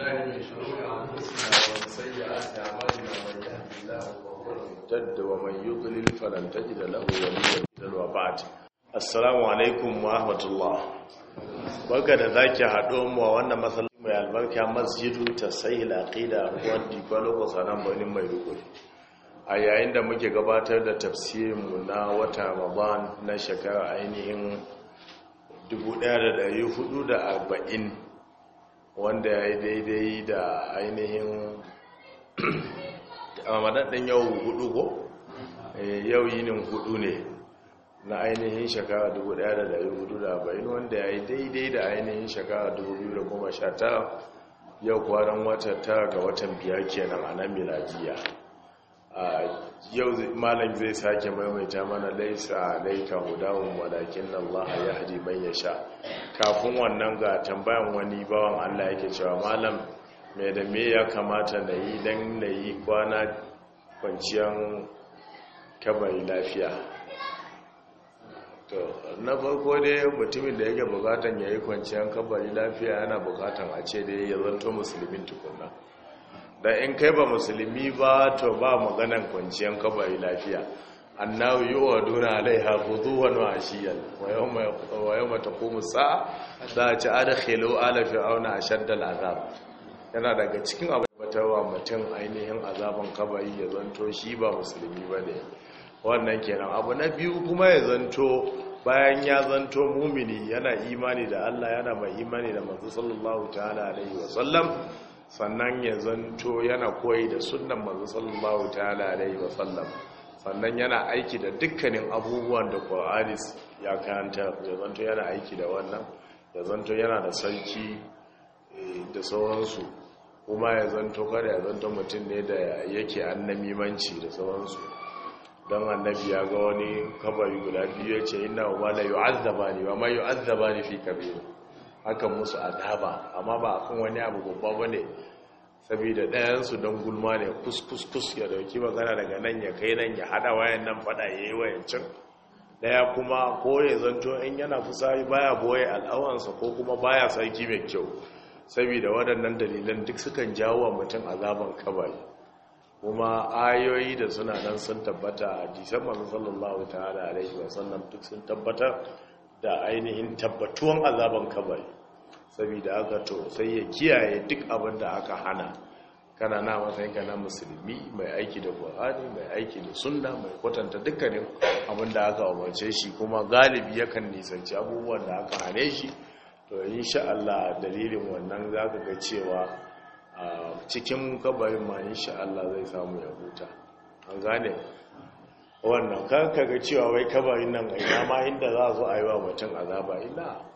بالله من alaikum ورحمة الله barka da zaki haɗo mu a wannan masallaci mai albarka masjidu ta sahil aqida ruwan dikwalo ko sanan birnin mai rukuni a yayin da muke gabatar da tafsirinmu na wata ramadan na shekara ainihin 1440 wanda ya yi daidai da ainihin ramadan ɗin yau hudu ko eh, yau yinin hudu ne na ainihin shekara 1440 wanda ya yi daidai da ainihin shekara 2019 yau kwanan wata tara ga watan biyar kenan a nan miladiyya yau malam zai sake maimaita mana laisa alaika hudahum walakin haji mai ya sha, kafin wannan ga tambayan wani bawan Allah yake cewa malam mai da me ya kamata na yi don na yi kwana kwanciyar kabari lafiya na farko dai mutumin da yake bukatan ya yi kwanciyar kabari lafiya yana bukatan a ce dai ya zanto musulmin tukunna da in kai ba musulmi ba to ba maganan kwanciyar kabari lafiya annahu yu'aduna alaiha ghuduwan wa ashiyan wa yawma wa yawma taqumu sa'a da ta alafi auna fir'auna ashadda azab yana daga cikin abubatarwa mutum ainihin azaban kabari ya zanto shi ba musulmi ba bane wannan kenan abu na biyu kuma ya zanto bayan ya zanto mumini yana imani da Allah yana mai imani da mazu sallallahu ta'ala alaihi wa sallam sannan ya zanto yana koyi da sunan manzo sallallahu ta'ala alaihi wa sallam sannan yana aiki da dukkanin abubuwan da Qur'ani ya kanta ya zanto yana aiki da wannan ya zanto yana da sarki eh, da sauransu kuma ya zanto kada ya zanto mutum ne da yake annamimanci da sauransu don annabi ya ga wani kabari guda biyu ya ce ina wa yi azzaba ni ba ma azzaba ni fi kabiru hakan musu adaba amma ba akan wani abu babba ne. saboda ɗayansu don gulma ne kus kus ya dauki magana daga nan ya kai nan ya haɗa wayan nan faɗa ya yi wayancin ɗaya kuma ko ya zanto in yana fusari baya boye al'awansa ko kuma baya sarki mai kyau saboda waɗannan dalilan duk sukan jawo wa mutum azaban kabari kuma ayoyi da suna nan sun tabbata a jisan masu sallallahu ta'ala alaihi wasallam duk sun tabbatar da ainihin tabbatuwan azaban kabari saboda haka to sai ya kiyaye duk abin da aka hana kana na matsayin ka na musulmi mai aiki da qur'ani mai aiki da sunna mai kwatanta dukkanin abin da aka umarce shi kuma galibi yakan nisanci abubuwan da aka hane shi to insha Allah dalilin wannan zaka ga cewa cikin kabarin ma insha Allah zai samu ya huta an gane wannan kaga cewa wai kabarin nan ina ma inda za a zo a yi wa mutum azaba ina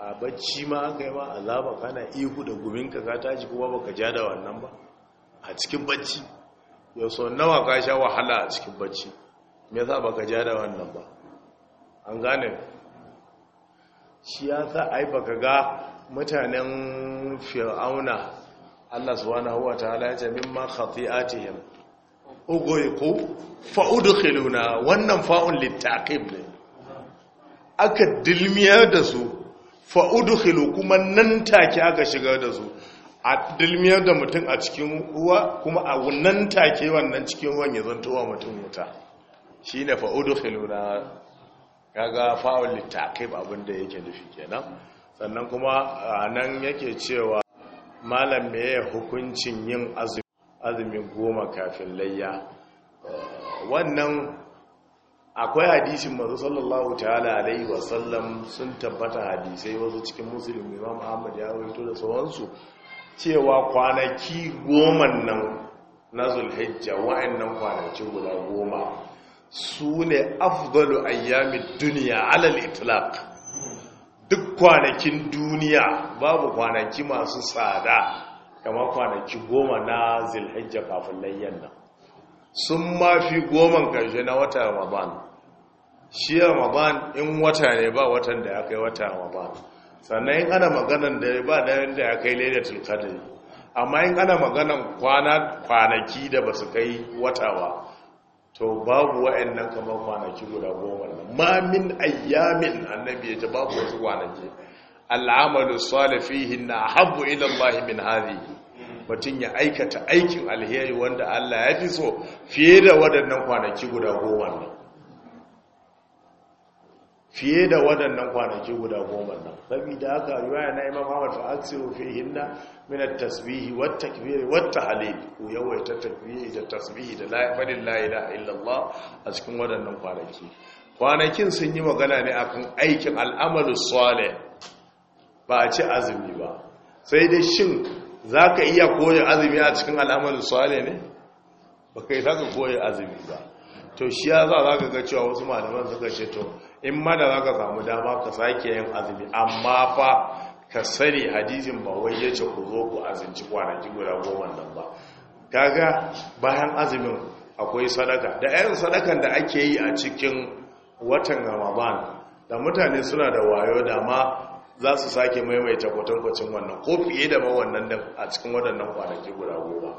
a bacci ma aka yi ma azaba kana ihu da guminka ka taji kuma baka ja da wannan ba a cikin bacci yau sau nawa ka sha wahala a cikin bacci me yasa baka ja da wannan ba an gane shi ya sa ai baka ga mutanen fir'auna Allah subhanahu wa ta'ala ya ce mimma khati'atihim ko fa udkhiluna wannan fa'un littaqib ne aka dilmiyar da su fa'udukhilu kuma nan take aka shigar da su a dilmiyar da mutum a cikin uwa kuma a nan take wannan cikin ruwan ya zantowa mutum wuta shi ne fa'udukhilu na kaga fa'ul littakai abin da yake nufi kenan sannan kuma a nan yake cewa malam maye hukuncin yin azumi goma kafin layya eh, wannan akwai hadisin mazu sallallahu ta'ala alaihi wasallam sun tabbata hadisai wasu cikin musulmi imam ahmad ya wato da sauransu cewa kwanaki goman nan na zulhijja wa'annan kwanaki guda goma su ne afdalu ayyamin duniya alal itlaq duk kwanakin duniya babu kwanaki masu tsada kama kwanaki goma na zulhijja kafin layyan nan sun mafi goma karshe na wata ramadan shi ramadan in wata ne ba watan da ya kai wata ramadan sannan in ana maganan da ba daren da ya kai lailatul qadr amma in ana maganan kwana kwanaki da basu kai wata ba to babu wa'annan kamar kwanaki guda goma na. ma min ayyamin annabi ya ce babu wasu kwanaki al'amalu salihihin na habbu ila Allah min hadhihi mutum ya aikata aikin alheri wanda Allah ya fi so fiye da waɗannan kwanaki guda goma nan fiye da waɗannan kwanaki guda goma nan saboda haka riwaya na imam Ahmad fa aksi rufe hinna min tasbihi, wata kibiri wata ku yawai ta da tasbihi da la ilaha illallah a cikin waɗannan kwanaki kwanakin sun yi magana ne akan aikin al'amalu salih ba a ci azumi ba sai dai shin za ka iya koya azumi a cikin al'amalin sale ne ba yi za ka koya azumi ba to shi ya za za ka ga cewa wasu malaman suka ce to in ma da za ka samu dama ka sake yin azumi amma fa ka sani hadisin ba wai ya ce ku zo ku azinci kwanaki guda goma nan ba kaga bayan azumin akwai sadaka da 'yan sadakan da ake yi a cikin watan ramadan da mutane suna da wayo dama. za su sake maimaita kwatankwacin wannan ko fiye da ma wannan a cikin waɗannan kwanaki guda goma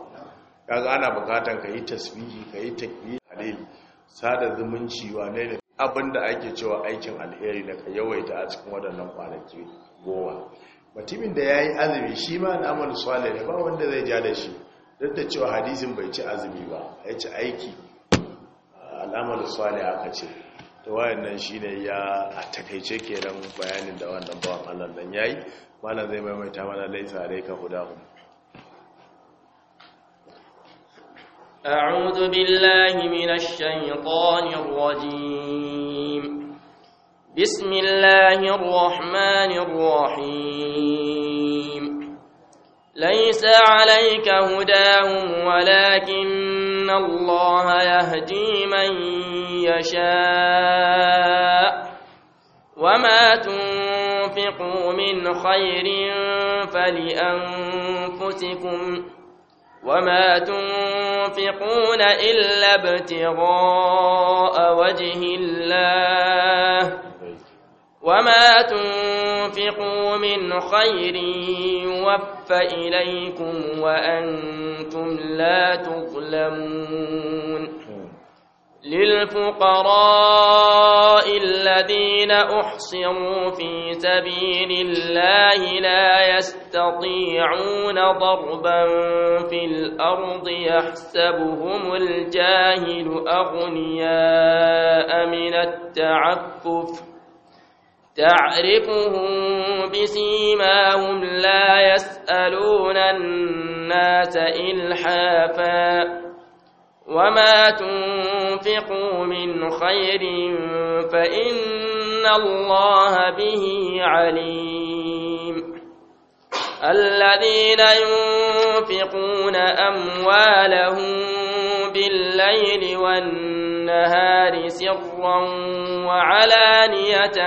kaga ana bukatan ka yi tasbihi ka yi takbir halili sada zumunci wane ne da abinda ake cewa aikin alheri da ka yawaita a cikin waɗannan kwanaki goma mutumin da ya yi azumi shi ma na amal swale ne ba wanda zai ja da shi duk da cewa hadisin bai ci azumi ba ya ci aiki al'amal swale aka ce wayannan shine ya a takaice kenan bayanin da wannan bawan Allah dan yayi mallan zai maimaita mana laisa ka guda أعوذ a'udhu billahi minash shaytanir rajim bismillahir rahmanir rahim ليس alayka hudahum walakin إن الله يهدي من يشاء وما تنفقوا من خير فلأنفسكم وما تنفقون إلا ابتغاء وجه الله وما تنفقوا من خير يوف إليكم وأنتم لا تظلمون للفقراء الذين أحصروا في سبيل الله لا يستطيعون ضربا في الأرض يحسبهم الجاهل أغنياء من التعفف تعرفهم بسيماهم لا يسألون الناس إلحافا وما تنفقوا من خير فإن الله به عليم الذين ينفقون أموالهم بالليل والنهار النهار سرا وعلانية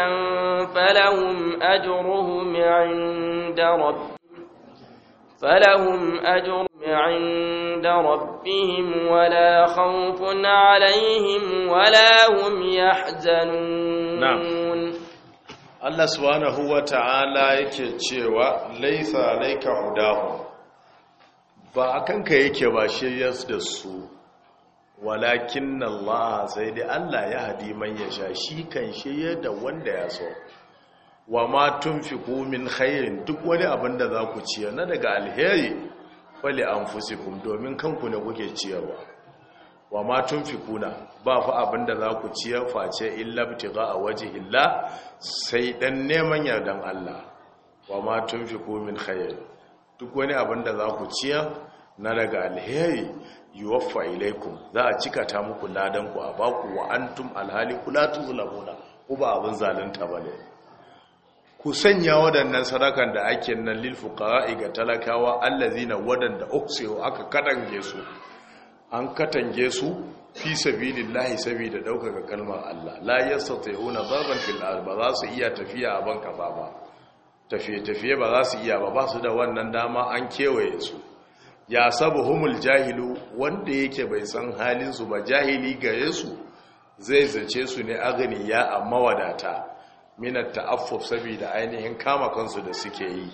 فلهم أجرهم عند ربهم فلهم أجر عند ربهم ولا خوف عليهم ولا هم يحزنون نعم Allah subhanahu wa ta'ala yake cewa laisa laika hudahu ba a kanka yake ba shiryar da su walakin Allah sai dai Allah ya hadi man ya sha shi kan shi da wanda ya so wa ma tunfiqu min khairin duk wani abin da za ku ciyar na daga alheri fali anfusikum domin kanku ne kuke ciyarwa wa ma tunfiquna ba fa abin da za ku ciyar face illa btiga a waje illa sai dan neman yardan Allah wa ma tunfiqu min khairin duk wani abin da za ku ciyar na daga alheri yuwaffa ilaikum za a cika ta muku ladan ku a baku wa antum alhali kula tuzlamuna ku ba abin zalunta ba ne. ku sanya waɗannan sadakan da ake nan lil fuqara'i ga talakawa allazina wadanda uksiyo aka katange su an katange su fi sabilillahi saboda ɗaukaka kalmar Allah la yastati'una darban fil ard ba za su iya tafiya a ban ba tafiye tafiye ba za su iya ba ba su da wannan dama an kewaye su ya sabu humul jahilu wanda yake bai san halinsu ba jahili gare su zai zace su ne ya a mawadata minar ta'affuf saboda ainihin kama kansu da suke yi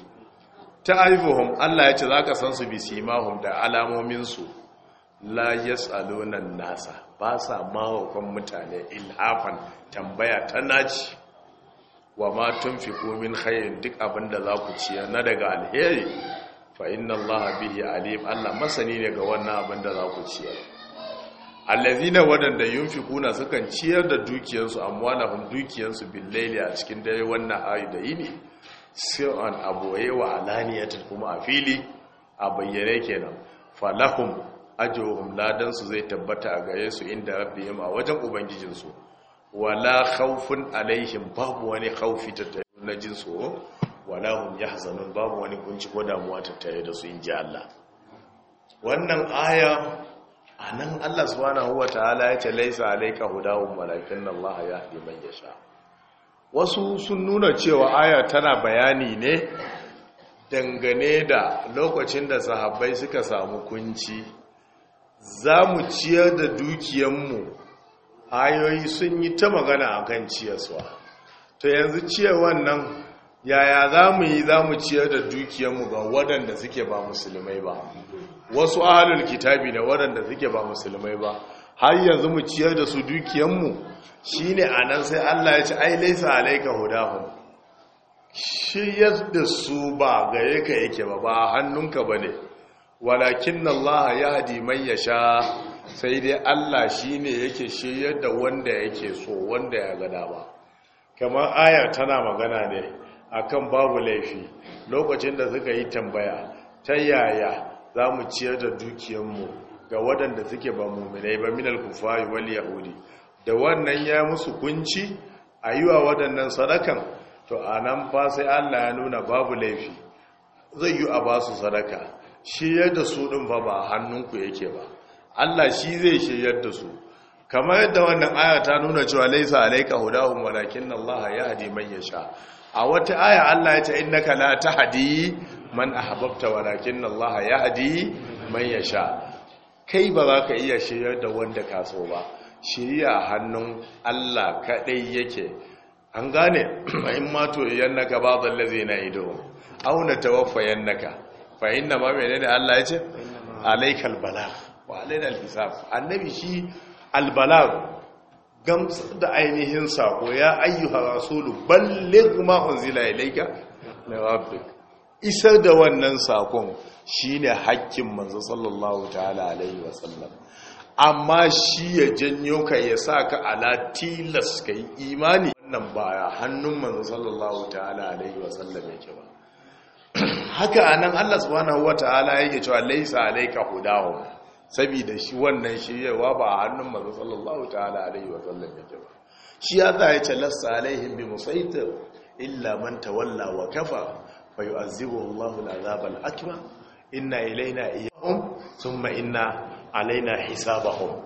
Ta ta'arifuhum Allah ya ce za ka san su bisimahum da alamomin su la yasaluna nasa ba sa mawakon mutane ilhafan tambaya ta naci wa ma tun fi komin hayan duk abinda za ku ciyar na daga alheri fa inna Allah bihi alim Allah masani ne ga wannan abin da za ku ciyar allazina wadanda yunfikuna sukan ciyar da dukiyarsu dukiyansu dukiyarsu billaili a cikin dare wannan ayi da yini an aboye wa alaniyatin kuma a fili a bayyane kenan falahum ajruhum ladan zai tabbata a gare su inda rabbihim a wajen ubangijinsu wala khawfun alaihim babu wani khawfi tattare na jinsu wala ya yahzanun babu wani kunci ko damuwa tattare da su inji Allah wannan aya anan Allah subhanahu wataala ya ce laisa alayka hudahum walakin Allah yahdi man yasha wasu sun nuna cewa aya tana bayani ne dangane da lokacin da sahabbai suka samu kunci za mu ciyar da dukiyanmu ayoyi sun yi ta magana a kan ciyaswa Ta yanzu ciyar wannan yaya za mu yi za mu ciyar da dukiyarmu ga waɗanda suke ba musulmai ba wasu ahalul kitabi da waɗanda suke ba musulmai ba har yanzu mu ciyar da su dukiyarmu shi ne a nan sai allah ya ci ai laisa alaika hudahun shiryar da su ba gare ka yake ba ba hannunka ba ne walakin allah ya hadi man ya sha sai dai allah shi ne yake shiryar da wanda yake so wanda ya gada ba kamar Aya tana magana ne akan babu laifi lokacin da suka yi tambaya ta yaya za mu ciyar da mu ga waɗanda suke ba mummunai ba minal kufari wal yahudi da wannan ya musu kunci a yi wa waɗannan sadakan to a nan fa sai allah ya nuna babu laifi zai yi a su sadaka shiryar da su ɗin fa ba hannunku yake ba allah shi zai shiryar da su kamar yadda wannan aya ta nuna cewa laisa alaika hudahun walakin Allah hadi man sha. a wata aya Allah ya ce innaka la tahdi man ahbabta walakin Allah yahdi man yasha kai ba za ka iya shiryar da wanda ka so ba shiriya hannun Allah kadai yake an gane in ma to yannaka ba na ido auna tawaffa yannaka fa inna ma menene Allah ya ce alaikal Bala. wa alaina alhisab annabi shi albalagh gamsar da ainihin sako ya ayyuhar rasulu balligh ma ya ilayka Na rabbik isar da wannan sakon shi ne hakkin manzan sallallahu ta'ala alaihi wasallam amma shi ya janyo ka ya sa ka ala tilas ka yi imani wannan baya hannun manzan sallallahu ta'ala alaihi wasallam ke ba haka anan Allah subhanahu ala yake cewa laisa alaika hudahum saboda shi wannan shiryawa ba a hannun maza sallallahu ta'ala alaihi wa sallam yake ba shi ya za ya talassa alaihim bi musaitir illa man tawalla wa kafa fa yu'azzibuhu Allahu ina al-akbar inna ilaina iyyahum thumma inna alaina hisabahum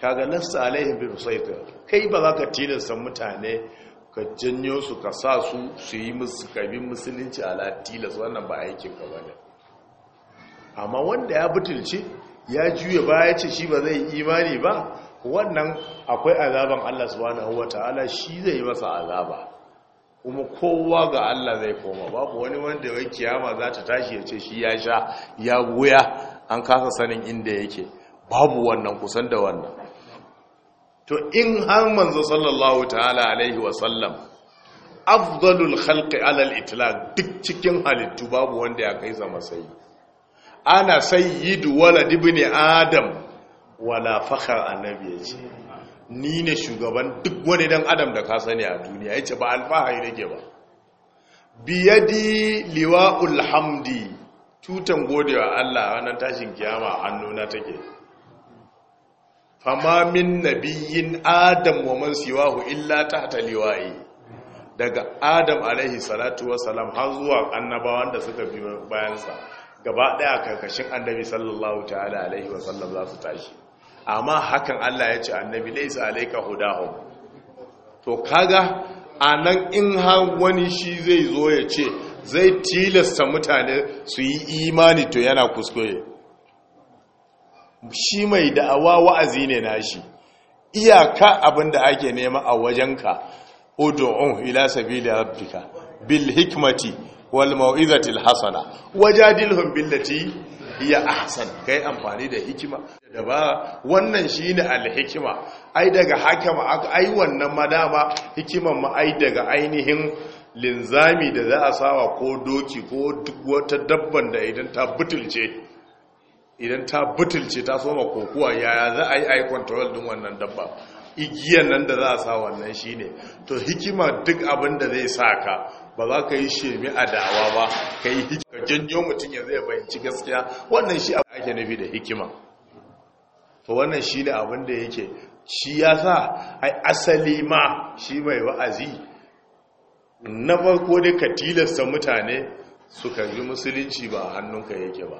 kaga nafsa alaihim bi musaitir kai ba za ka tilasta mutane ka janyo su ka sa su su yi musu kabin musulunci ala tilas wannan ba aikin ka bane amma wanda ya butulci ya juya ya ce shi ba zai imani ba wannan akwai azaban Allah subhanahu wataala shi zai masa azaba kuma kowa ga Allah zai koma babu wani wanda ya kiyama za ta tashi ya ce shi ya sha ya goya an kasa sanin inda yake babu wannan kusan da wannan to in har manzo sallallahu ta'ala alaihi wa sallam afdalul khalqi alal itlaq duk cikin halittu babu wanda ya kai sa matsayi ana sayyidu walad ne adam wala fakar annabi yace ni ne shugaban duk wani dan adam da ka sani a duniya Ya ce ba alfahari nake ba biyadi liwa'ul hamdi tutan godewa Allah ranar tashin kiyama a hannuna take fama min nabiyyin adam wa man siwahu illa tahta liwa'i daga adam alaihi salatu wassalam har zuwa annabawan da suka bi bayansa gaba daya karkashin annabi sallallahu ta'ala alaihi wa sallam za su tashi amma hakan Allah ya ce annabi laysa alayka hudahum to kaga anan in har wani shi zai zo ya ce zai tilasta mutane su yi imani to yana kuskure shi mai da'awa wa'azi ne nashi iyaka abinda ake nema a wajenka ud'u ila sabili rabbika bil hikmati wal mau'izatil hasana wajadilhum billati hiya ahsan kai amfani da hikima da ba wannan shine alhikima ai daga hakama ai wannan madama hikiman ma ai daga ainihin linzami da za a sawa ko doki ko duk wata dabban da idan ta butulce idan ta butulce ta soma kokuwa yaya za a yi ai control din wannan dabba igiyan nan da za a sa wannan shine to hikima duk abin da zai sa ka ba za ka yi shemi a dawa ba ka yi hikima janyo mutum ya zai bayanci gaskiya wannan shi abu ake nufi da hikima to wannan shi ne abin da yake shi ya sa ai asali ma shi mai wa'azi na farko dai ka tilasta mutane su karbi musulunci ba hannunka yake ba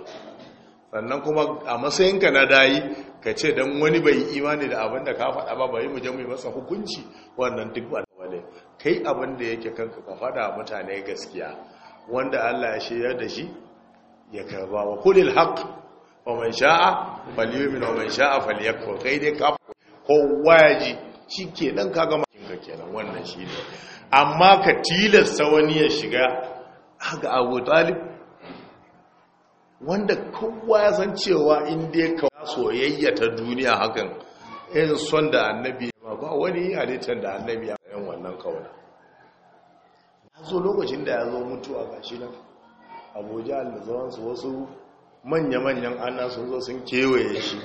sannan kuma a matsayinka na dayi ka ce don wani bai imani da abin da ka faɗa ba bai mu je mu yi masa hukunci wannan duk ba kai abin da yake kanka ka faɗa mutane gaskiya wanda Allah ya shirya da shi ya karba wa kulil haqq wa man sha'a falyu'min wa man sha'a falyakfur kai dai ka ko waji shike dan kaga makin ka kenan wannan shine amma ka tilasta wani ya shiga ga Abu Talib wanda kowa ya san cewa in dai ka soyayya ta duniya hakan irin son da annabi ba wani halittar da annabi ya alkawari ya zo lokacin da ya zo mutuwa ga shi nan abuja alzawansu wasu manya-manyan ana sun zo sun kewaye shi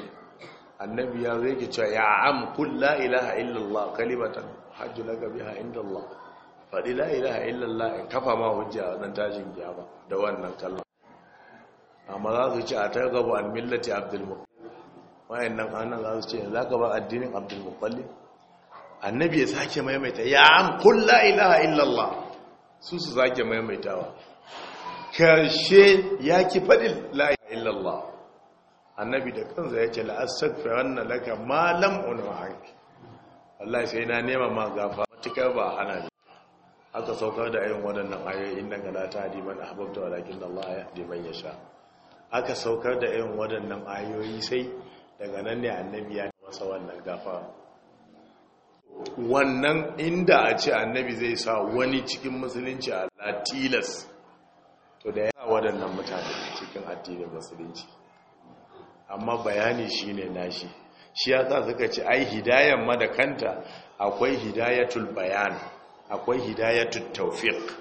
annabi ya zai cewa ya am kun la ilaha illallah kalimatan hajji na gabi ha inda Allah faɗi la'ilaha illallah in kafa ma hujja a wannan tashin gyama da wannan kallon amma za su ce a ta gaba al millati abdulmuk wayan nan ana za su ce za ka ba addinin abdulmukalli annabi ya sake maimaita ya am kulla ilaha illallah su su sake maimaitawa karshe ya ki faɗi la ilaha illallah annabi da kansa ya ce la'astaghfiranna laka ma lam unhak sai na nema ma gafa matukar ba hana ne aka saukar da ayin waɗannan ayoyi innaka la tahdi man ahbabta walakin Allah ya yahdi man yasha aka saukar da ayin waɗannan ayoyi sai daga nan ne annabi ya masa wannan gafa? wannan inda a ce annabi zai sa wani cikin musulunci a latilas to da yawa waɗannan mutane cikin addinin musulunci amma bayani shi ne nashi shi ya sa suka ce ai hidayen ma da kanta akwai hidayatul bayan akwai hidayatul taufiq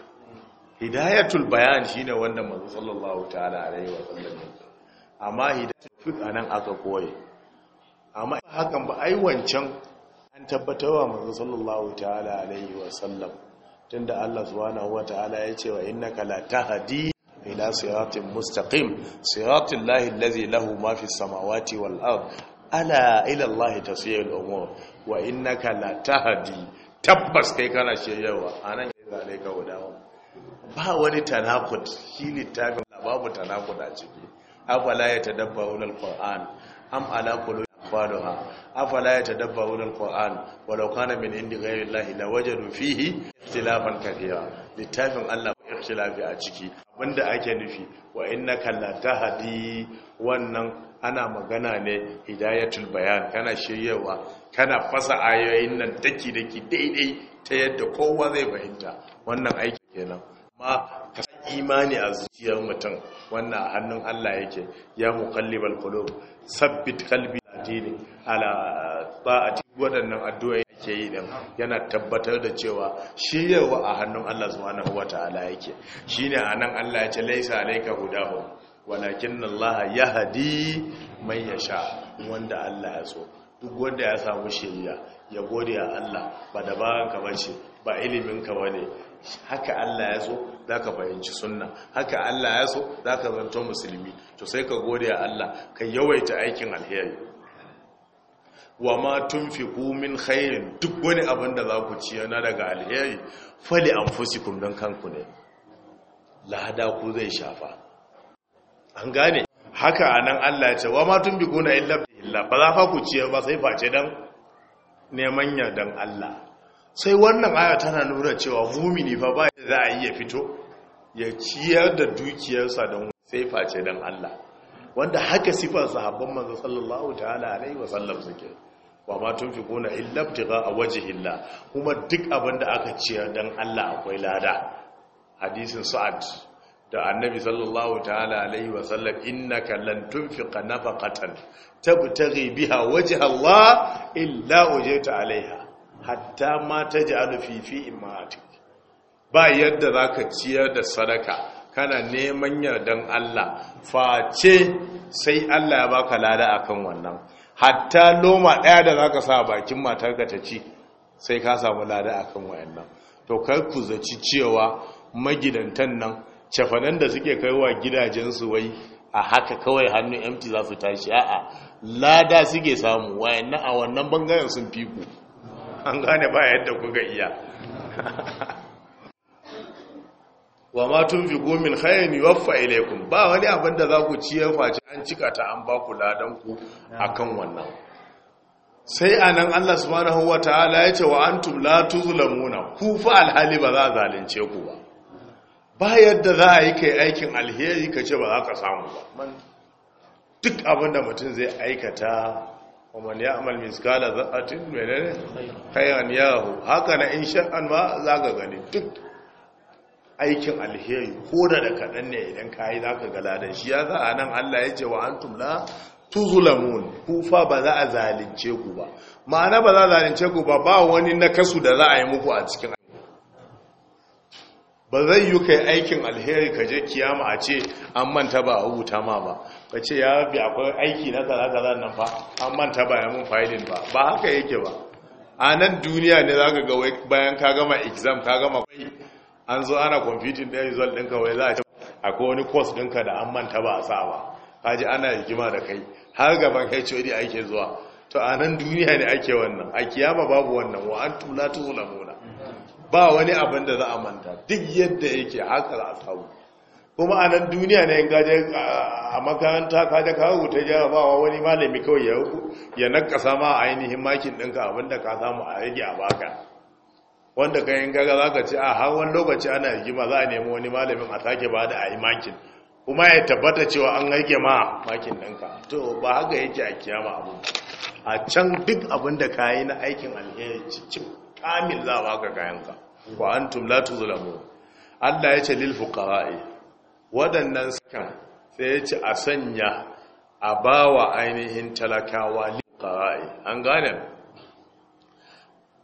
hidayatul bayan shi ne wanda mazu sallallahu ta'ala a rayuwa sallallahu amma hidayatul taufiq a nan aka koye amma hakan ba ai wancan an tabbatarwa manzo sallallahu ta'ala alaihi wa sallam tunda Allah subhanahu wa ta'ala ya ce wa innaka la tahdi ila siratin mustaqim siratil lahi allazi lahu ma fis samawati wal ard ala ila allahi tasirul umur wa innaka la tahdi tabbas kai kana shiryawa anan ya zale ka wadawa ba wani tanakut shi littafin babu tanakut a ciki afala ya tadabbaru al-qur'an am ala amfaluha afala yatadabbaruna alquran walau kana min indi ghayri llahi lawajadu fihi ikhtilafan kathira littafin Allah ba ikhtilafi a ciki abinda ake nufi wa innaka latahdi wannan ana magana ne hidayatul bayan kana shiryewa kana fasa ayoyin nan daki daki daidai ta yadda kowa zai fahimta wannan aiki kenan ma ka imani a zuciyar mutum wannan a hannun Allah yake ya muqallibal qulub sabbit qalbi addini ala ta'ati waɗannan addu'ai ake yi din yana tabbatar da cewa shi yawa a hannun Allah subhanahu wataala yake shine nan Allah ya ce laisa alayka hudahu walakin Allah yahdi man yasha wanda Allah ya so duk wanda ya samu shiriya ya gode a Allah ba dabaranka ka ba ilimin ka bane haka Allah ya so za ka fahimci sunna haka Allah ya so za ka zanto musulmi to sai ka gode a Allah ka yawaita aikin alheri wa ma tun fi min khairin duk wani abin da za ku ciya na daga alheri fali kun don kanku ne lada ku zai shafa an gane haka anan Allah ya ce wa ma tun tunfiqu na illa billah ba za fa ku ciya ba sai face dan neman don Allah sai wannan aya tana nuna cewa mumini fa ba za a yi ya fito ya ciyar da dukiyarsa don sai face dan Allah wanda haka sifar sahabban manzo sallallahu ta'ala alaihi wasallam suke wa ma tunfiquna illa ibtigha'a wajhillah kuma duk abinda aka ciyar dan Allah akwai lada hadisin sa'ad da annabi sallallahu ta'ala alaihi wa sallam innaka lan tunfiqa nafaqatan tabtaghi biha wajha Allah illa ujita alaiha hatta ma taj'alu fi fi imatik ba yadda zaka ciyar da sadaka kana neman yardan Allah face sai Allah ya baka lada akan wannan hatta loma ɗaya da za ka sa bakin matarka ta ci sai ka samu lada a kan wayannan to kar ku zaci cewa magidantan nan cefanen da suke kaiwa gidajensu wai a haka kawai hannu empty za su tashi a'a lada suke samu wayannan a wannan bangaren sun fi ku an gane ba yadda kuka iya wa ma tunfiqu min khairin yuwaffa ilaykum ba wani abin da za ku ci ya faci an cika ta an ba ku ladanku ku kan wannan sai a nan Allah subhanahu ta'ala ya ce wa antum la tuzlamuna ku fa alhali ba za a zalunce ku ba ba yadda za a yi kai aikin alheri ka ce ba za ka samu ba duk abin da mutum zai aikata wa man ya'mal miskala dharratin menene khairan yahu haka na in sha'an ma za ka gani duk aikin alheri ko da da kaɗan ne idan ka yi za ka da shi ya za a nan allah ya ce wa an tumla tuzulamun kufa ba za a zalince ku ba ma'ana ba za a zalince ku ba ba wani kasu da za a yi muku a cikin ba zai yi kai aikin alheri ka je kiyama a ce an manta ba a rubuta ma ba ka ce ya bi akwai aiki na kaza-kaza nan fa an manta ba ya mun failin ba ba haka yake ba a nan duniya ne za ka ga bayan ka gama exam ka gama kwai an zo ana kwamfitin ɗaya result ɗinka wai za a ce akwai wani course ɗinka da an manta ba a sa ba haji ana gima da kai har gaban hod ake zuwa to a nan duniya ne ake wannan a kiyama babu wannan wa an tula tula muna ba wani abin da za a manta duk yadda yake haka za a samu kuma a nan duniya ne gaje a makaranta kaje ka ta jarabawa wani malami kawai ya nakasa ma ainihin makin ɗinka abinda ka samu a rage a baka wanda ka yin gaga za ka ce a hawan lokaci ana rigima za a nemi wani malamin a sake ba da a yi makin kuma ya tabbata cewa an haike ma makin ɗinka to ba haka yake a kiyama abu a can duk abin da ka yi na aikin alheri cikin kamil za a baka kayanka Ba an tumla tuzulamu allah ya ce lil fuqara'i waɗannan sakan sai ya ce a sanya a ba wa ainihin talakawa lil fuqara'i an gane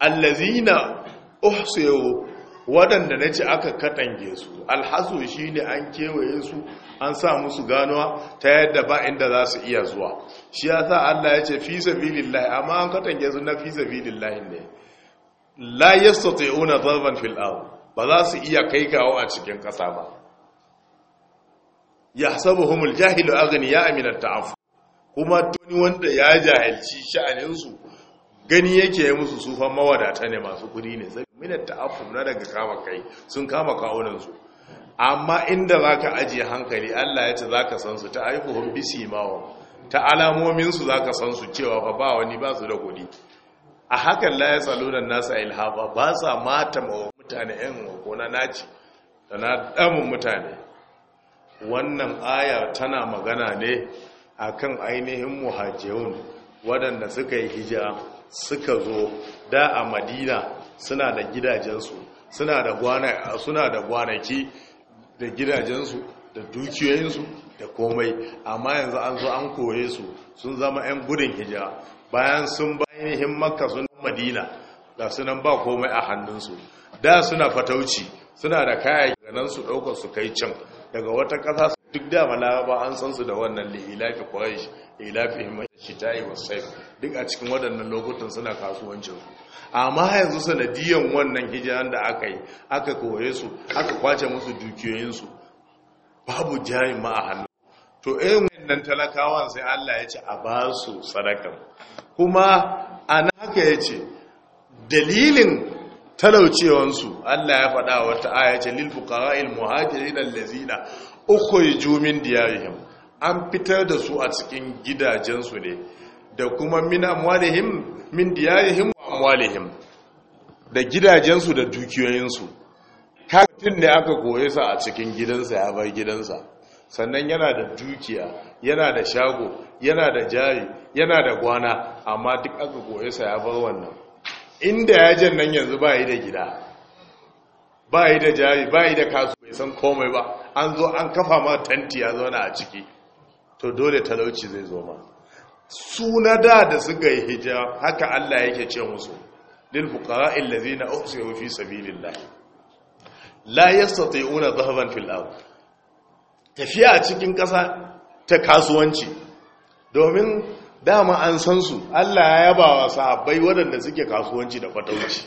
allazina uhsiru waɗanda na ce aka katange su alhasu shi ne an kewaye su an sa musu ganuwa ta yadda ba inda za su iya zuwa shi ya sa Allah ya ce fi sabilillahi amma an katange su na fi sabilillahi ne la yastati'una darban fil ard ba za su iya kai kawo a cikin ƙasa ba yahsabuhumul jahilu agani min at kuma tuni wanda ya jahilci sha'aninsu gani yake musu sufan mawadata ne masu kudi ne minar afu na daga kama kai sun kama kawunansu amma inda za ka ajiye hankali allah ya ce za ka san su ta aihuhun bisi mawa ta alamominsu za ka san cewa ba ba wani ba su da kuɗi a hakan la ya da nasa ilhafa ba sa mata mawa mutane yan wako na naci da na damun mutane wannan aya tana magana ne a kan ainihin muhajirun waɗanda suka yi hijira suka zo da a madina suna da gidajensu suna da gwanaki da gidajensu da dukiyoyinsu da komai amma yanzu an zo an koye su sun zama 'yan gudun hijira bayan sun bayan himmaka sun madina da sunan ba komai a hannunsu da suna fatauci suna da kayayyaki nan su ɗaukar su kai can daga wata ƙasa duk da malaba an san su da wannan lihilafi kwaish ilafihim shita'i was saif duk a cikin wadannan lokutan suna kasuwancin su amma yanzu sanadiyan wannan hijiran da aka yi aka koye su aka kwace musu dukiyoyin su babu jayin ma a hannu to irin wannan talakawan sai Allah ya ce a ba su sadaka kuma ana haka ya ce dalilin talaucewansu Allah ya faɗa wata aya ce lil fuqara'il muhajirin allazina ukhriju min diyarihim an fitar da su a cikin gidajensu ne da kuma min amwalihim min diyarihim wa amwalihim da gidajensu da dukiyoyinsu kafin ne aka koye sa a cikin gidansa ya bar gidansa sannan yana da dukiya yana da shago yana da jari yana da gwana amma duk aka koye sa ya bar wannan inda ya jan nan yanzu ba yi da gida ba yi da jari ba yi da kasu bai san komai ba an zo an kafa ma tanti ya zauna a ciki to dole talauci zai zo ma su na da da suka yi hijab haka Allah yake ce musu lil fuqara allazina uhsiru fi sabilillah la yastati'una dhahaban fil ard tafiya cikin ƙasa ta kasuwanci domin dama an san su Allah ya yaba wa sahabbai waɗanda suke kasuwanci da fatauci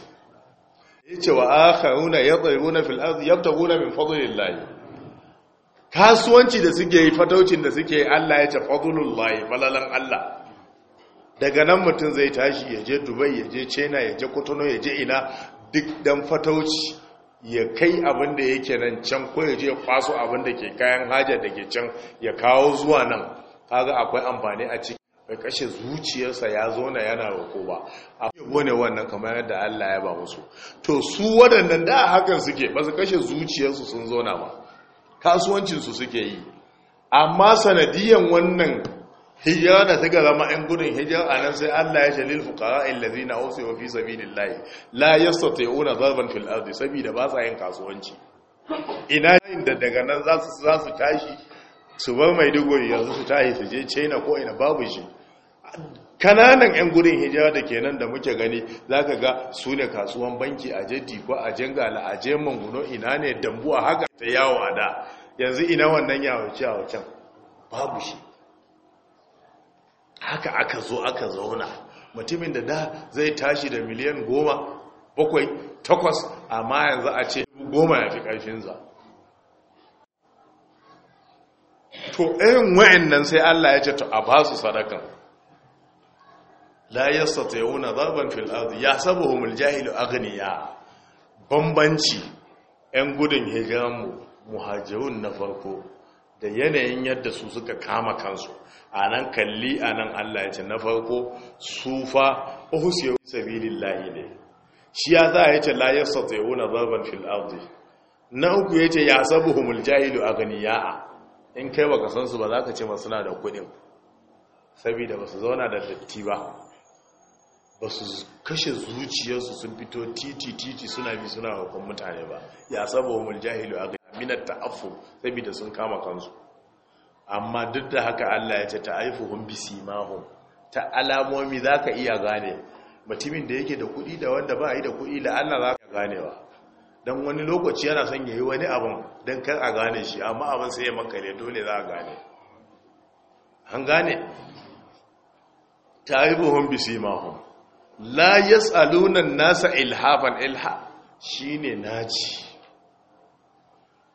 yace wa akharuna yadhiruna fil ard yabtaguna min fadlillah kasuwanci da suke yi fataucin da suke Allah ya ce fadlullahi falalan Allah daga nan mutum zai tashi ya je Dubai ya je China ya je Kotono ya je ina duk dan fatauci ya kai abin da yake nan can ko ya je kwaso abin da ke kayan haja da ke can ya kawo zuwa nan kaga akwai amfani a ciki bai kashe zuciyarsa ya zo na yana roko ba a ne wannan kamar yadda Allah ya ba musu to su waɗannan da hakan suke ba su kashe zuciyarsu sun zo na ba kasuwancinsu suke yi amma sanadiyan wannan hijira da ta zama 'yan gudun hijira a nan sai allah ya shalil fukara illazi na ofe wa fi sabi lillahi la yasta ta yi'una zarban fil saboda ba sa yin kasuwanci ina yin da daga nan za su tashi su bar maiduguri yanzu su tashi su je china ko ina babu shi kananan 'yan gudun hijira da kenan da muke gani za ka ga su ne kasuwan banki a jadi ko a jangala a jeman guno ina ne dambu a haka ta yawo a da yanzu ina wannan yawace a wacan babu shi haka aka zo aka zauna mutumin da da zai tashi da miliyan goma bakwai takwas amma yanzu a ce goma ya fi ƙarfinsa to ɗayan wa'in nan sai allah ya ce to a ba su sadakan la yastati'una darban fil ardi yahsabuhumul jahilu aghniya bambanci yan gudun hijiran muhajirun na farko da yanayin yadda su suka kama kansu a nan kalli a nan Allah ya ce na farko sufa uhusiyu sabilillahi ne shi ya za a yace la yastati'una na zarban ardi na uku ya ya ce yace humul jahilu a a in kai baka san su ba za ka ce masu na da kudin sabida ba su zauna da datti ba ba su kashe zuciyarsu sun fito titi-titi suna bi suna hukun mutane ba ya saba wa muljahilu a ga minar ta'afu saboda sun kama kansu amma duk da haka allah ya ce ta aifuhun bisi mahun ta alamomi za ka iya gane mutumin da yake da kuɗi da wanda ba a yi da kuɗi da allah za ka ganewa don wani lokaci yana son ya yi wani abin don kar a gane shi amma abin sai ya makare dole za a gane an gane ta bisi mahun la yas'aluna nasa ilhafan ilha ne naci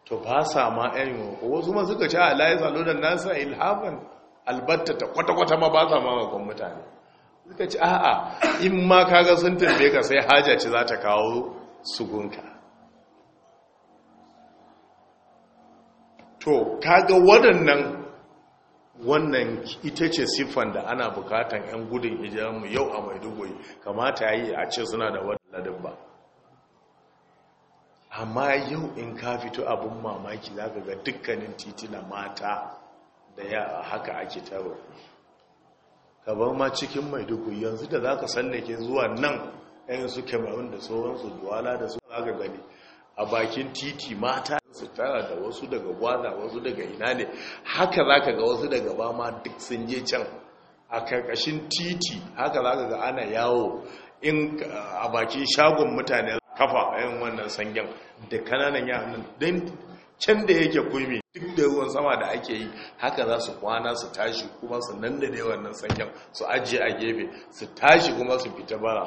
to ba sa ma ayin wasu ma suka ci a la yas'aluna nasa ilhafan albatta ta kwata-kwata ma ba sa ma makon mutane suka ci a'a in ma kaga sun tambaye ka sai haja ce za ta kawo sugunka to kaga waɗannan wannan ita ce siffan da ana bukatan 'yan gudun mu yau a maiduguri kamata ya yi a ce suna da wadadin ba amma yau in ka fito abin mamaki za ka ga dukkanin titina mata da ya haka ake taro ka bar ma cikin maiduguri yanzu da za ka sannake zuwa nan 'yan su cameroon da sauransu duwala da su za ka gani a bakin titi mata su tara da wasu daga gwaza wasu daga ina ne haka za ka ga wasu daga ba ma duk sun je can a karkashin titi haka za ka ga ana yawo in a bakin shagon mutane kafa yin wannan sangen da kananan yaran don can da yake kumi duk da ruwan sama da ake yi haka za su kwana su tashi kuma su nan da wannan sangen su ajiye a gefe su tashi kuma su fita bara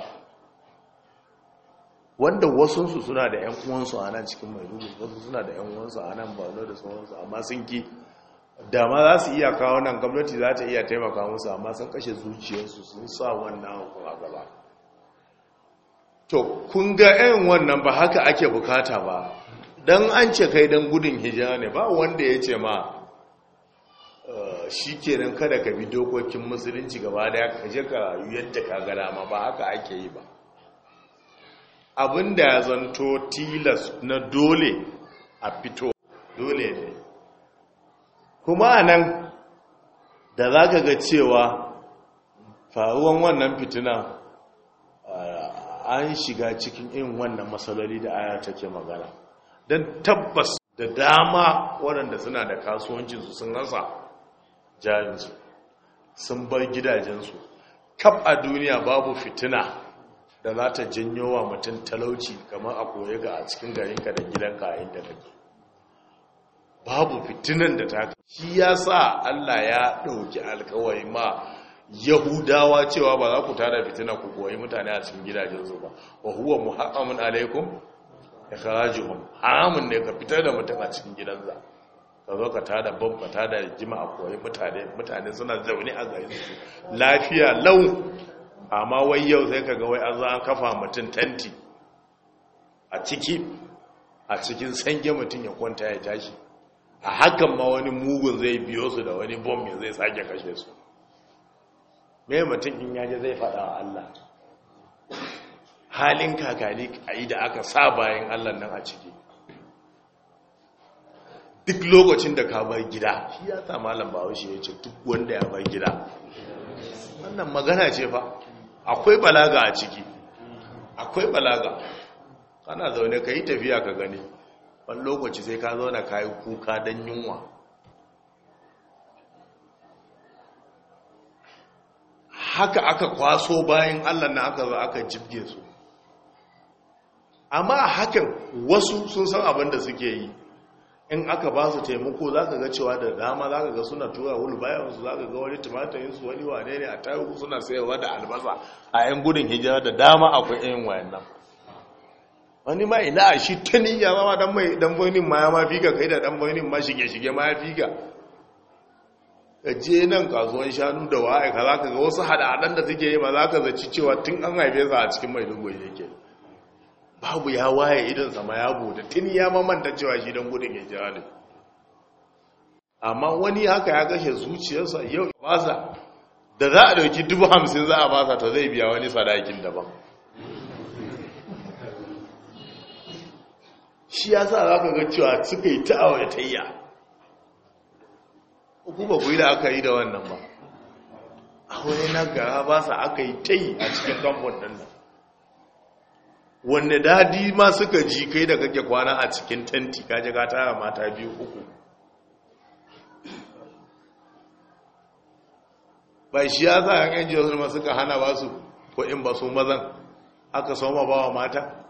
wanda wasunsu suna da 'yan uwansu a nan cikin mai duhu, wasu suna da 'yan uwansu a nan ba da sauransu amma sun ki dama za su iya kawo nan gwamnati za ta iya taimaka musu amma sun kashe zuciyarsu sun sa wannan hukun a gaba to kun ga 'yan wannan ba haka ake bukata ba don an ce kai don gudun hijira ne ba wanda ya ce ma eh, shi kenan kada ka bi dokokin musulunci gaba daya ka je ka rayu yadda ka gada ma ba haka ake yi ba abin da ya zanto tilas na dole a fito dole ne kuma nan da za ka ga cewa faruwan wannan fitina an shiga cikin yin wannan matsaloli da aya take magana don tabbas da dama waɗanda suna da kasuwancinsu sun rasa jarinsu sun bar gidajensu kaf a duniya babu fitina da za ta janyo wa mutum talauci kamar a koya ga a cikin garinka da gidanka a inda kake babu fitinan da ta shi ya sa Allah ya ɗauki alkawari ma yahudawa cewa ba za ku tara fitina ku koyi mutane a cikin gidajensu ba wa huwa muhammadun alaikum ya kharajihum haramun ne ka fitar da mutum a cikin gidansa ka zo ka tada bamba tada jima a koyi mutane mutane suna zaune a gari lafiya lau amma wai yau sai ga wai an za a kafa mutum tanti a ciki a cikin sange mutum ya kwanta ya tashi a hakan ma wani mugun zai biyo su da wani bom ya zai sake kashe su mai mutum in yaje zai faɗa wa Allah halin kakani a yi da aka sa bayan Allah nan a ciki duk lokacin da ka bar gida shi ya sa malam shi ya ce duk wanda ya bar gida wannan magana ce fa akwai balaga a ciki akwai balaga kana zaune ka yi tafiya ka gani wani lokaci sai ka zauna ka yi kuka don yunwa haka aka kwaso bayan allah na aka zo aka jibge su amma hakan wasu sun san abin da suke yi in aka ba su taimako za ka ga cewa da dama za ka ga suna tura wulu bayansu za ka ga wani su wani wane ne a tarugu suna sayarwa da albasa a yan gudun hijira da dama akwai yin wayan nan wani ma ina a shi ta niyya ma dan mai ma ya ma ga kai da dan boinin ma shige shige ma ya ga. ka je nan kasuwan shanu da wa'aika za ka ga wasu hada da suke yi ba za ka zaci cewa tun an haife su a cikin maiduguri yake babu ya waye idan sama ya bude tun ya mamanta cewa shi don gudun ji ne amma wani haka ya kashe zuciyarsa yau ya basa da za a dauki dubu hamsin za a basa ta zai biya wani sadakin daban shi ya sa za ka ga cewa suka yi ta awatayya uku ba ku yi da aka yi da wannan ba a wani na gara ba sa aka yi ta yi a cikin kamfan nan wanne dadi ma suka ji kai da kake kwana a cikin tenti kaje ka tara mata biyu uku bai shi ya sa yan jiyar ma suka hana ba su ko in ba su mazan aka soma ba wa mata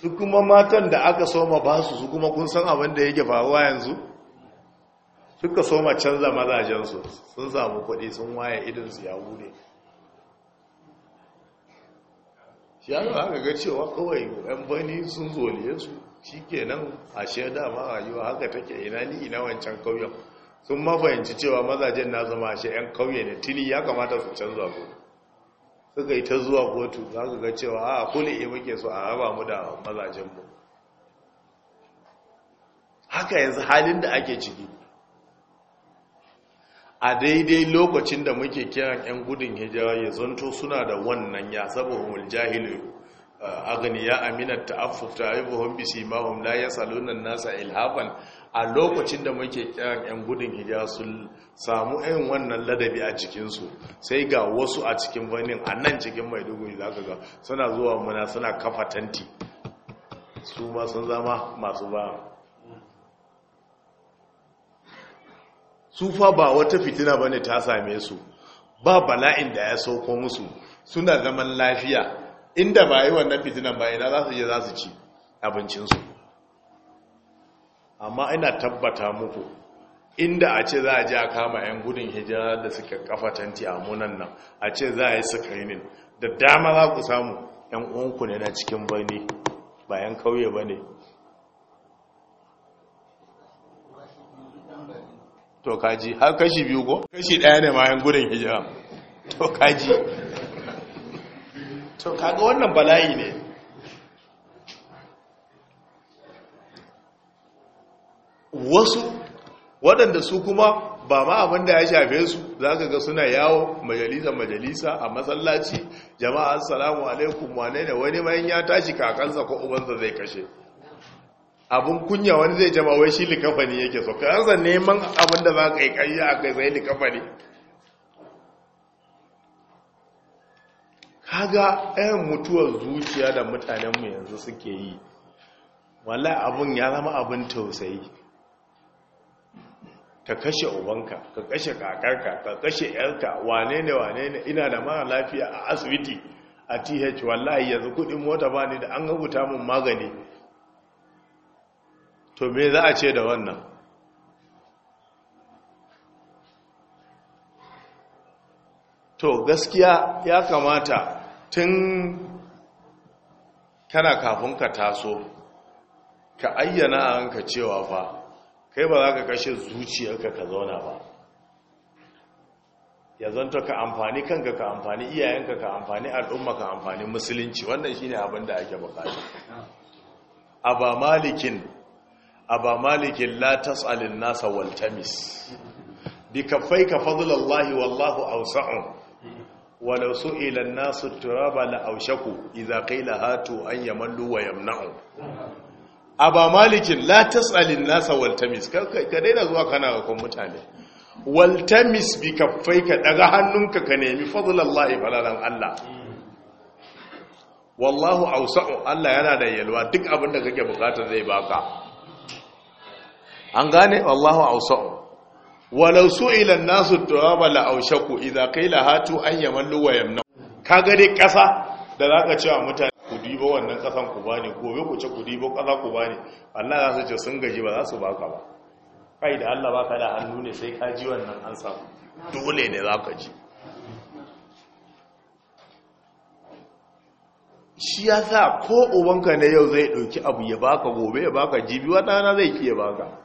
su kuma matan da aka soma ba su su kuma kun san abin da yake faruwa yanzu suka soma canza mazajensu sun samu kuɗi sun waye idinsu ya wune shi yaro aka ga cewa kawai yan bani sun zole su shi kenan a shaida ma rayuwa haka take ina ni ina wancan kauyen sun mafahimci cewa mazajen na zama shi yan kauye ne tuni ya kamata su canza ko suka yi ta zuwa kotu za ga cewa a kuli eh muke su a raba mu da mazajen mu haka yanzu halin da ake ciki a daidai lokacin da muke kiran 'yan gudun hijira ya zanto suna da wannan ya saboda muljahilu agniya aminat ta'affuf ta'ibuhum bisimahum la yasaluna an-nasa ilhaban a lokacin da muke kiran 'yan gudun hijira sun samu irin wannan ladabi a cikinsu sai ga wasu a cikin birnin a nan cikin maiduguri za ka ga suna zuwa muna suna kafa tanti su ma zama masu ba su ba wata fitina bane ta same su ba bala'in da ya sauko musu suna zaman lafiya inda ba yi wannan fitinan ba ina za su je za su ci abincinsu amma ina tabbata muku inda a ce za a ji a kama 'yan gudun hijira da suka kafa tanti a munan nan a ce za a yi screening da dama za ku samu 'yan uwanku ne na cikin birni bayan kauye ba to kaji har kashi biyu ko kashi ɗaya ne mayan gudun hijira to kaji to kaga wannan bala'i ne wasu waɗanda su kuma ba ma abin da ya shafe su za ka ga suna yawo majalisa-majalisa a matsalaci jama'a salamu alaikum wane ne wani mayan ya tashi kakansa ko ubansa zai kashe abun kunya wani zai jama wai shi likafani yake so ka san neman abin da za ka yi kayi a kai sai likafa ne kaga ɗayan mutuwar zuciya da mutanenmu yanzu suke yi wala abun ya zama abin tausayi ka kashe ubanka ka kashe kakarka ka kashe yarka wane ne wane ne ina da mara lafiya a asibiti a th wallahi yanzu kudin mota ba ne da an rubuta mun magani to me za a ce da wannan to gaskiya ya kamata tun kana kafin ka taso ka ayyana a hanka cewa fa kai ba za ka kashe zuciyarka ka zauna ba ya zanta ka amfani kanka ka amfani iyayenka ka amfani al'umma ka amfani musulunci wannan shine abin da ake bukata ba malikin aba malikin la tas'alin nasa waltamis bi kaffaika fadlallahi wallahu awsa'u walau su'ila an-nasu turaba la aushaku, idza qila hatu an yamallu wa yamna'u aba malikin la tas'alin nasa waltamis ka daina zuwa kana ga kon mutane waltamis bi kaffaika daga hannunka ka nemi fadlallahi falalan Allah wallahu awsa'u Allah yana da yalwa duk abin da kake bukata zai baka an gane wallahu ausa'u walau su'ila nasu turaba la aushaku idza qila hatu ayyamallu wa yamna kaga dai kasa da zaka cewa mutane ku dibo wannan kasan ku bani, gobe ku ce ku dibo kasa ku bani. Allah za su ce sun gaji ba za su baka ba kai da Allah baka da hannu ne sai ka ji wannan an samu dole ne zaka ji shi ya sa ko ubanka ne yau zai ɗauki abu ya baka gobe ya baka jibi wata zai ki ya baka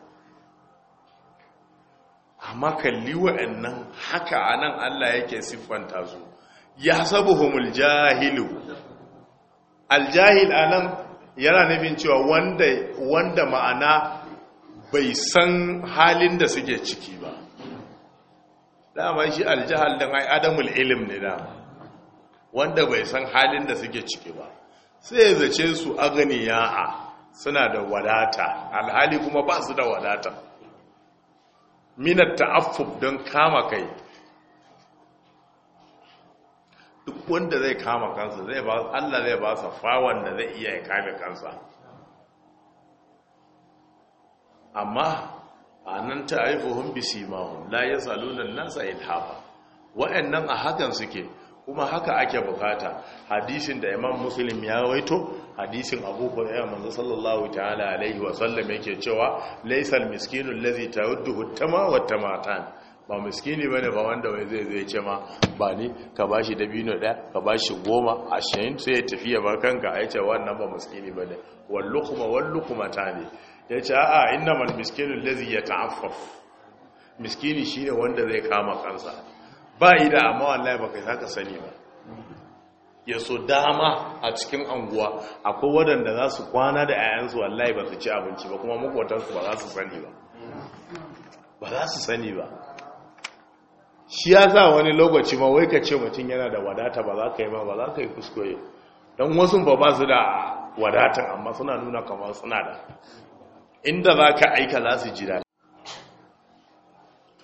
amma kalli wa'annan haka anan Allah yake siffanta su ya jahilu aljahil anan yana nufin cewa wanda ma'ana bai san halin da suke ciki ba dama shi aljahal din ai adamul ilm ne dama wanda bai san halin da suke ciki ba sai ya zace su aganiya'a suna da wadata alhali kuma ba su da wadata minar ta'affuf don kama kai duk wanda zai kama kansa zai ba Allah zai ba sa fawan da zai iya ya kame kansa amma a nan ta'arifuhum bisimahum la yasaluna an-nasa ilhafa wa'annan a hakan suke kuma haka ake bukata hadisin da imam muslim ya waito hadisin abu hurairah manzo sallallahu ta'ala alaihi wa sallam yake cewa laysal miskinu allazi tawduhu tama wa tamatan ba miskini bane ba wanda wai zai zai ce ma ba ni ka bashi dabino ɗaya, ka bashi goma ashirin sai ya tafi ya bar kanka a yace wannan ba miskini bane wallukuma wallukuma tani yace a'a innamal miskinu allazi yata'affaf miskini shine wanda zai kama kansa ba yi da amma wallahi baka ka sani ba ya so dama a cikin anguwa akwai waɗanda za su kwana da 'ya'yansu wallahi ba su ci abinci ba kuma makwatansu ba za su sani ba ba za su sani ba shi ya sa wani lokaci ma wai ka ce mutum yana da wadata ba za ka yi ma ba za ka yi kuskure don wasu ba ba su da wadatan amma suna nuna kamar suna da inda za ka aika za su ji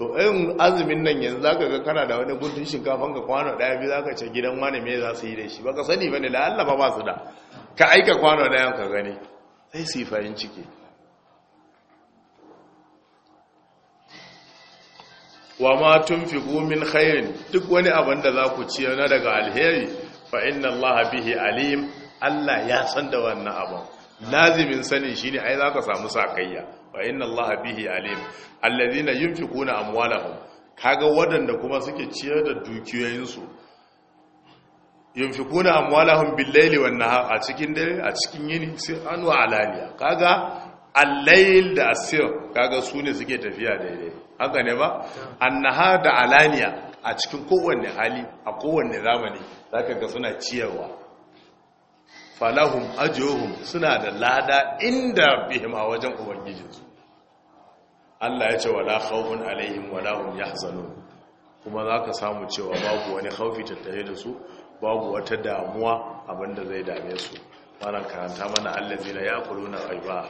to ɗin azumin nan yanzu za ka ga kana da wani guntun shinkafan ka kwano ɗaya biyu za ka ce gidan wani mai za su yi da shi ba ka sani ba ne la'alla ba ba su da ka aika kwano ɗayan ka gani sai su yi farin ciki wa ma tun fi gomin khairin duk wani abin da za ku ciye na daga alheri fa inna Allah bihi alim Allah ya san da wannan abin lazimin sanin shine ai zaka samu sakayya wa inna allaha bihi alim alladhina yunfiquna amwalahum kaga wadanda kuma suke ciyar da dukiyoyinsu yunfiquna amwalahum bil-layli wan-nahar a cikin dare a cikin yini sai an wa alaniya kaga al-layl da asir kaga sune suke tafiya daidai haka ne ba an-nahar da alaniya a cikin kowanne hali a kowanne zamani zaka ga suna ciyarwa falahum ajuhum suna da lada inda a wajen ubangijinsu Allah ya ce wala khawfun alaihim wala hum yahzanun kuma zaka samu cewa babu wani khaufi tattare da su babu wata damuwa abinda zai dame su wannan karanta mana allazina yaquluna ghaiba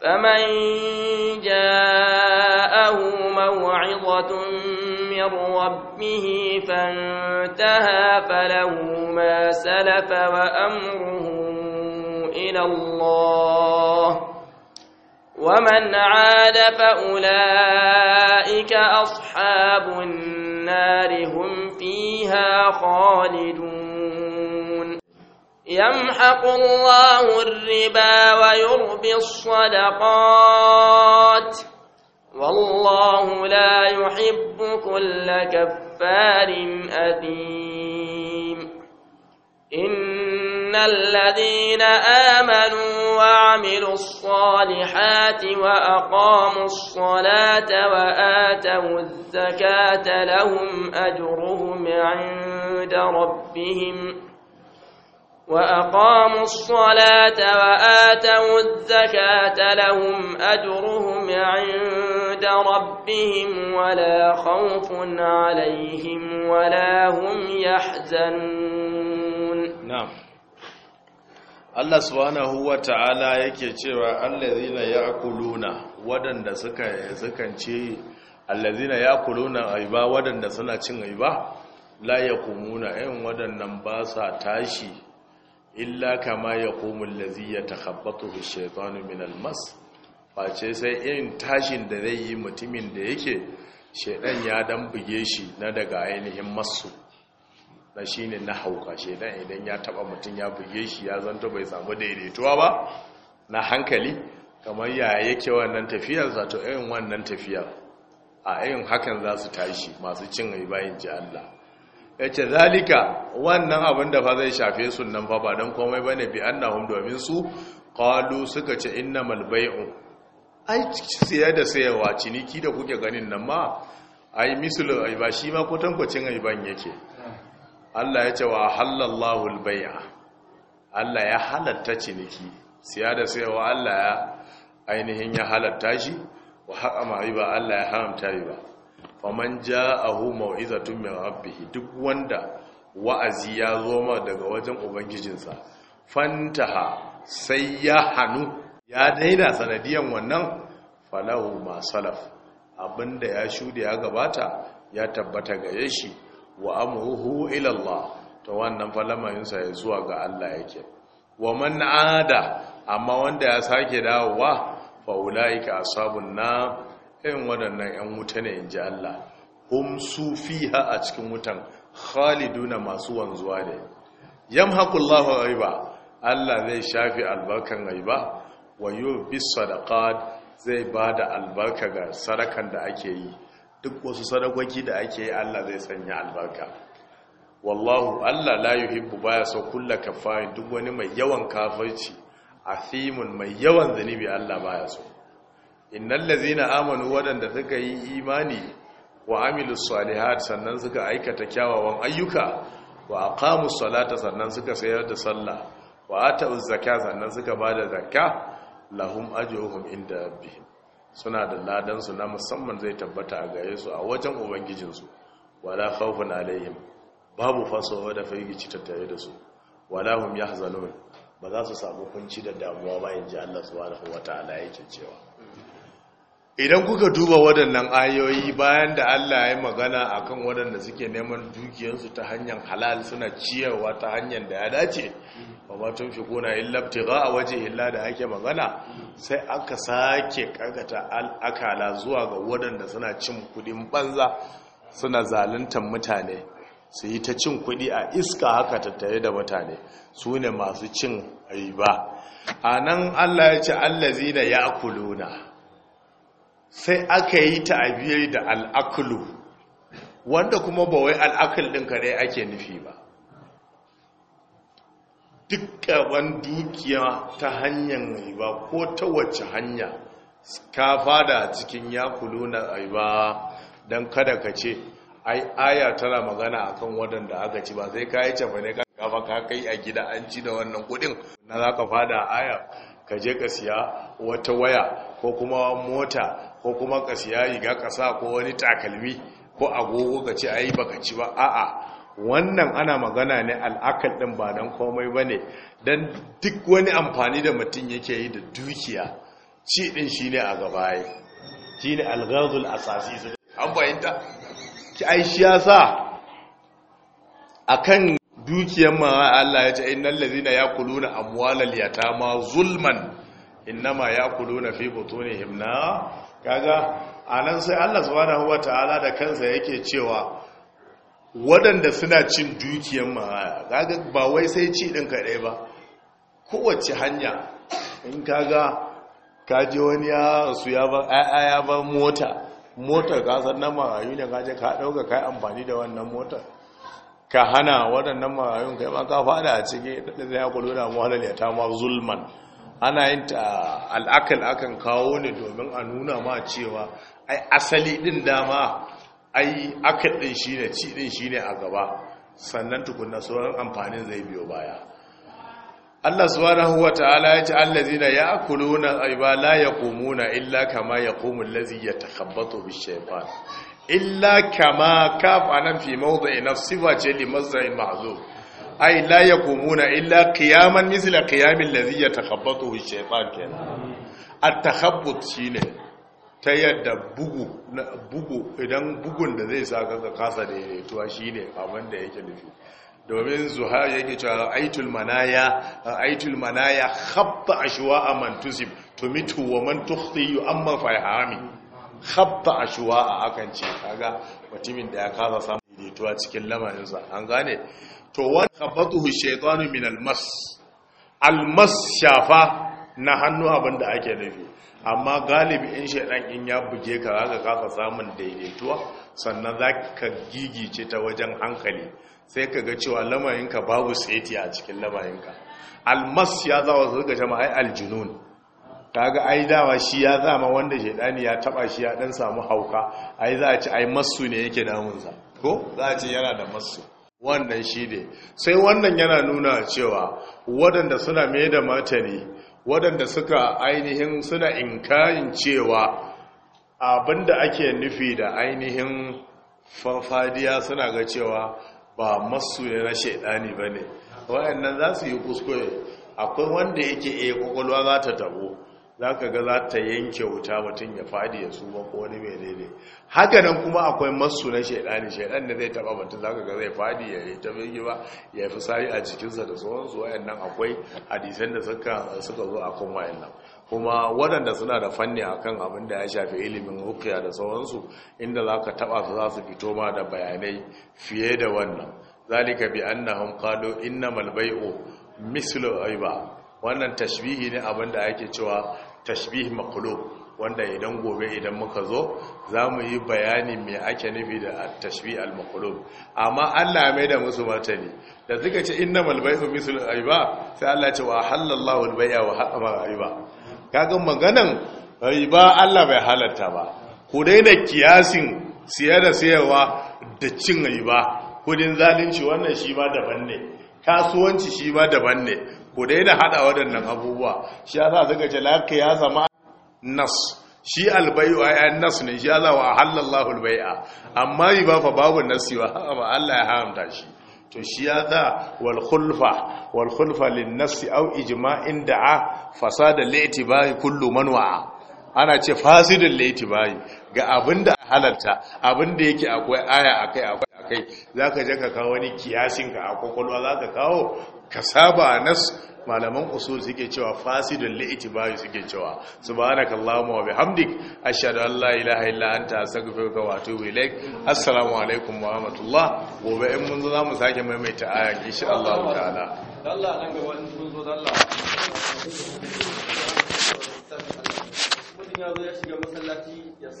فمن جاءه موعظة من ربه فانتهى فله ما سلف وأمره إلى الله ومن عاد فأولئك أصحاب النار هم فيها خالدون يمحق الله الربا ويربي الصدقات والله لا يحب كل كفار أثيم إن الذين آمنوا وعملوا الصالحات وأقاموا الصلاة وآتوا الزكاة لهم أجرهم عند ربهم وأقاموا الصلاة وآتوا الزكاة لهم أجرهم عند ربهم ولا خوف عليهم ولا هم يحزنون نعم الله سبحانه وتعالى يكتب الذين يأكلون ودن دسكا يزكن الذين يأكلون عبا ودن دسنا لا يقومون عن ودن نمباسا تاشي illa kama ya komu lazi ya takabbatu shaitanu min almas face sai irin tashin da zai yi mutumin da yake shaidan ya dan buge shi na daga ainihin masu na shi ne na hauka shaidan idan ya taba mutum ya buge shi ya zanto bai samu daidaituwa ba na hankali kamar ya yake wannan tafiyar zato irin wannan tafiyar a irin hakan za su tashi masu cin ribayin ji Allah ya ce zalika wannan abin da fa zai shafe sunan fa ba don komai ba ne bi annahum domin su ƙalu suka ce inna malbai'u ai siya da sayawa ciniki da kuke ganin nan ma ai misalin ba shi ma kwatankwacin aiban yake Allah ya ce wa halallahu bai'a. Allah ya halatta ciniki siya da sayawa Allah ya ainihin ya halatta shi wa haƙa ma Allah ya haramta riba faman ja'ahu mau'izatun mai rabbih duk wanda wa'azi ya zoma daga wajen ubangijinsa fantaha sai ya hannu. ya daina sanadiyan wannan falahu masalaf abinda ya shuɗe ya gabata ya tabbata ga shi wa amuruhu ilallah ta wannan falamayinsa ya zuwa ga Allah yake wa man ada amma wanda ya sake dawowa fa ulaika ashabun nar Yan waɗannan 'yan wuta ne in ji Allah hum su ha a cikin wutan khalidu na masu wanzuwa ne yamhaqullahu riba Allah zai shafi albarkan aiba wa bi sadaka zai ba da albarka ga sadakan da ake yi duk wasu sadakoki da ake yi Allah zai sanya albarka wallahu Allah la hibbu baya so kulla yi duk wani mai yawan kafarci athimun mai yawan zanibi Allah baya so innal ladzina amanu wadanda suka yi imani wa amilus salihat sannan suka aikata kyawawan ayyuka wa aqamus salata sannan suka sayar da sallah wa atuz zakat sannan suka bada zakka lahum ajruhum inda rabbihim suna da ladan su na musamman zai tabbata a gare su a wajen ubangijin su wala khawfun alaihim babu fasawa da firgici tattare da su wala hum yahzanun ba za su samu kunci da damuwa ba inji Allah subhanahu wataala yake cewa idan kuka duba waɗannan ayoyi bayan da Allah ya magana akan waɗanda suke neman dukiyarsu ta hanyar halal suna ciyarwa ta hanyar da ya dace ba ma tun fi kuna illabti za a waje illa da ake magana sai aka sake kagata al'akala zuwa ga waɗanda suna cin kuɗin banza suna zaluntar mutane su yi ta cin kuɗi a iska haka tattare da mutane su ne masu cin riba a nan Allah ya ce allazi da ya kuluna sai aka yi ta abiyar da al'akulu, wanda kuma ba wai al'akul ɗin kare ake nufi ba dukkan dukiya ta hanyar riba ko ta wacce hanya ka fada cikin ya na riba don kada ka ce ai aya tana magana a kan waɗanda aka ci ba sai ka yi cafa ne kafa ka kai a gida an ci da wannan kudin na za ka fada aya ka je ka siya wata waya ko kuma mota ko kuma ka siya riga kasa ko wani takalmi ko agogo ka ce ayi baka ci ba a'a wannan ana magana ne al'akal ɗin ba don komai ba ne don duk wani amfani da mutum yake yi da dukiya ci ɗin shi ne a gabaye shi ne algazul asasi su an fahimta. ki ai ya sa a kan dukiyan ma Allah ya ce innan lazina ya kulu na ma zulman innama ya kulu na fi butu ne himna kaga nan sai Allah subhanahu wataala da kansa yake cewa waɗanda suna cin dukiyar mahaya kaga ba wai sai ci ɗin kaɗai ba kowace hanya in kaga kaje wani ya su ya ba ya ba mota motar san na marayu ne kaje ka dauka kai amfani da wannan motar ka hana waɗannan marayun kai ma ka fada a cikin da zai ya kulo da ya ta ma zulman ana yin ta al'akal akan kawo ne domin a nuna ma cewa ai asali din dama ai akal din shine ci din shine a gaba sannan tukunna sauran amfanin zai biyo baya Allah subhanahu wata'ala ya ce allazina ya'kuluna ayba la yaqumuna illa kama yaqumu allazi yatakhabbatu bish-shaytan illa kama kaf anan fi mawdi'i nafsi wa jali limazza'in mahzub ai la yakumuna illa qiyaman misla qiyamil ladhi yatakhabbathu ash-shaytan kenan at-takhabbut shine ta yadda bugu bugu idan bugun da zai saka ka kasa da daidaituwa shine abin da yake nufi domin zuha yake cewa aitul manaya aitul manaya khabba ashwa man tusib tumitu wa man tukhti amma fahami khabba ashwa akan ce kaga mutumin da ya kasa samu daidaituwa cikin lamarin sa an gane to wani khabatuhu shaitanu min almas almas shafa na hannu abinda ake nufi amma galibi in shaitan in ya buge ka zaka kasa samun daidaituwa sannan zaka gigice ta wajen hankali sai ka ga cewa lamarinka babu saiti a cikin lamarinka almas ya zawa su ga jama'a aljunun kaga ai dawa shi ya zama wanda shaidani ya taba shi ya dan samu hauka ai za a ci ai masu ne yake damunsa ko za a ce yana da masu wannan shi ne sai wannan yana nuna cewa waɗanda suna mai da martani waɗanda suka ainihin suna kayan cewa abinda ake nufi da ainihin farfadiya suna ga cewa ba masu ne na shaidani ba ne wa'annan za su yi kuskure akwai wanda yake iya eh, kwakwalwa za ta tabo za ka ga za ta yanke wuta mutum ya fadi ya suma ko wani menene haka nan kuma akwai masu na shaidani shaidan da zai taba mutum za ka ga zai fadi ya yi ta bigi ba ya yi a jikinsa da sauransu nan akwai hadisan da suka zo a kuma 'yan nan. kuma waɗanda suna da fanni a kan abin da ya shafi ilimin hukiya da sauransu inda za ka taba su za su fito ma da bayanai fiye da wannan zalika bi annahum qalu innamal bai'u mislu ayba wannan tashbihi ne abin da ake cewa tashbih maqlub wanda idan gobe idan muka zo za mu yi bayani mai ake nufi da tashbih al-maqlub amma Allah mai da musu martani da suka ce innamal bay'u mislu al ayba sai Allah ya ce wa halallahu al-bay'a wa harrama al ayba kaga maganan riba Allah bai halarta ba ku daina kiyasin siya da sayarwa da cin riba kudin zalunci wannan shi ba daban ne kasuwanci shi ba daban ne ku daina hada waɗannan abubuwa shi ya sa suka ce laka ya zama nas shi albayu ayan nas ne shi ya za wa halallahu albai'a amma yi ba fa babu nasi ba ba Allah ya haramta shi to shi ya za wal khulfa wal khulfa lin nasi aw ijma'in da'a fasada li'tibari kullu wa'a? ana ce fasidin laiti bai. ga abin da halarta abin da yake akwai aya akai akwai kai za ka je ka kawo wani ka a kwakwalwa za ka kawo ka saba nas malaman usul suke cewa fasidun bayu suke cewa subhanaka allahumma wa bihamdik ashhadu an la ilaha illa anta astaghfiruka wa atubu ilaik assalamu alaikum wa rahmatullah gobe in mun zo zamu sake maimaita aya insha Allah ta'ala Allah nan gaba in mun zo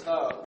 Allah